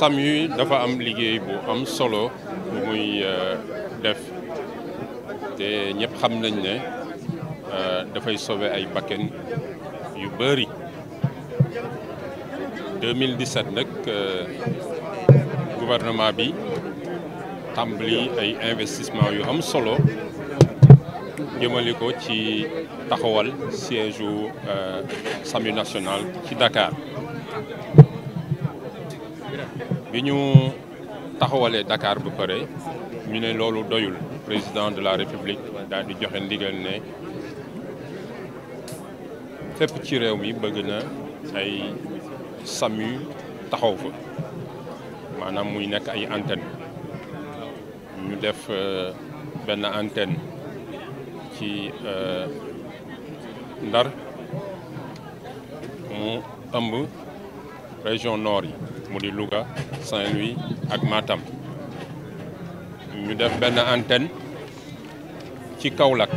SAMU dafa am liggéey bu am solo bu muy euh, def te ñëpp xam nañ ne euh, dafay sobe ay bakken yu bëri 2017 nag euh, gouvernement bi tàmbali ay investissement yu am solo jëmale ko ci taxawal siège u SAMU national ci dakaar bi ñu taxawalee Dakar bu pare ñu ne loolu doyul président de la république daal di joxe ndigal ne fépp ci réew mi bëgg na ay SAMU taxaw fa maanaam muy nekk ay antenne ñu def euh, benn antenne ci euh, Ndar mu ëmb région noor yi mu di Louga Saint-Louis ak Matam ñu def benn antenne ci Kaolack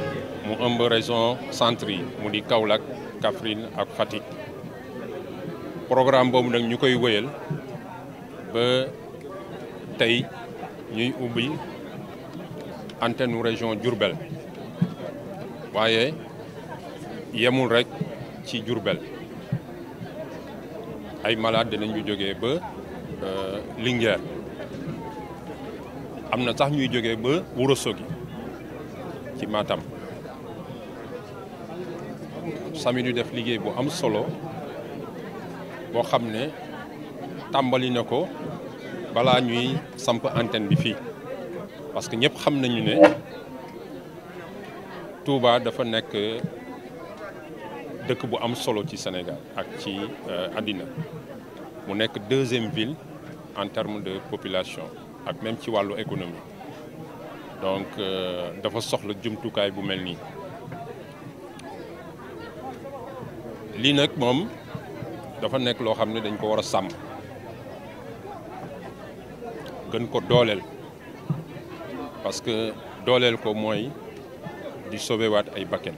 mu ëmb région centre yi mu di Kaolack Kaffrine ak fatik programme boobu nag ñu koy wëyal ba tey ñuy ubbi antenne région Diourbel waaye yemul rek ci Diourbel ay malade danañu jógee ba euh, Linguère am na sax ñuy jóge ba Ourossogui ci Matam sami du def liggéey bu am solo boo xam ne tàmbali na ko balaa ñuy samp antenne bi fii parce que ñëpp xam nañu ne Touba dafa nekk dëkk bu am solo ci Sénégal ak ci euh, àddina mu nekk deuxième ville en terme de population ak même ci wàllu économie donc euh, dafa soxla jumtukaay bu mel nii lii nag moom dafa nekk loo xam ne dañ ko war a sàmm gën ko dooleel parce que dooleel ko mooy di sauver ay bakkan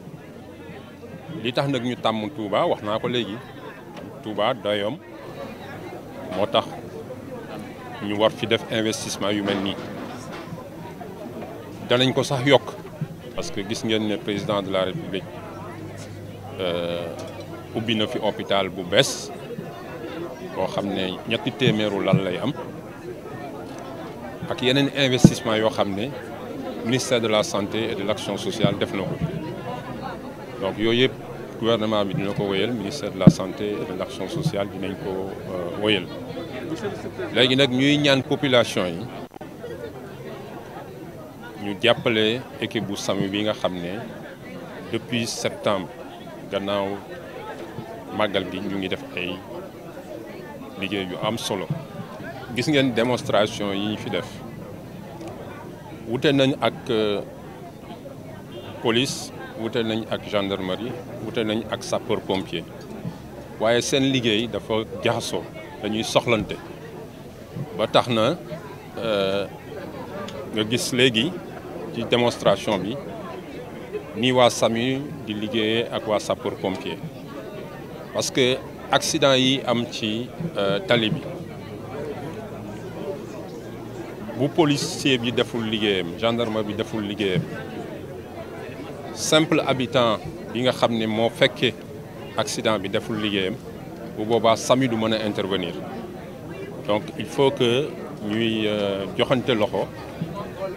li tax nag ñu tàmm Touba wax naa ko léegi Touba doyoom moo tax ñu war fi def investissement yu mel nii danañ ko sax yokk parce que gis ngeen ne président de la république euh, ubbi na fi hôpital bu bees boo xam ne ñetti téeméeru lal lay am ak yeneen investissement yoo xam ne ministère de la santé et de l'action sociale def na ko donc yooyu yëpp gouvernement bi dina ko wéyal ministère de la santé et de l'action sociale dinañ ko euh, wéyal léegi nag ñuy ñaan population yi ñu jàppale équipe bu SAMU bi nga xam ne depuis septembre gannaaw màggal gi ñu ngi def ay liggéey yu am solo gis ngeen démonstration yi ñu fi def wute nañ ak euh, police wute nañ ak gendarmerie wute nañ ak sapeur pompier waaye seen liggéey dafa jaxasoo dañuy soxlante ba tax na euh, nga gis léegi ci démonstration bi nii waa SAMU di liggéeyee ak waa sapeur pompier parce que accident yi am ci euh, tali bi bu policier bi deful liggéeyam gendarme bi deful liggéeyam simple habitant bi nga xam ne moo fekkee accident bi deful liggéeyam bu boobaa SAMU lu mën a intervenir donc il faut que ñuy euh, joxante loxo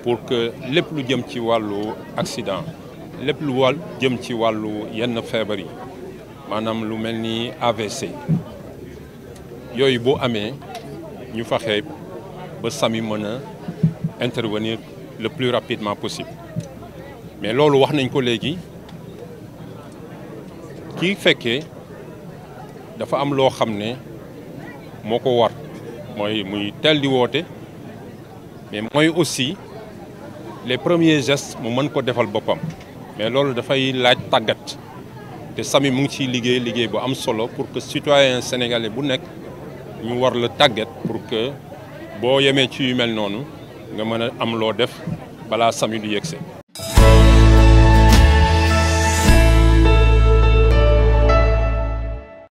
pour que lépp lu jëm ci wàllu accident lépp lu wàll jëm ci wàllu yenn feebar yi maanaam lu mel ni AVC yooyu boo amee ñu faxee ba SAMU mën a intervenir le plus rapidement possible mais loolu wax nañ ko léegi kii fekkee dafa am loo xam ne moo ko war mooy muy teel di woote mais mooy aussi les premiers gestes mu mën ko defal boppam mais loolu dafay laaj tàggat te Samy mu ngi ciy liggéey liggéey bu am solo pour que sitoyen sénégalais bu nekk ñu war la tàggat pour que boo yemee ci yu mel noonu nga mën a am loo def balaa Samy du yegsee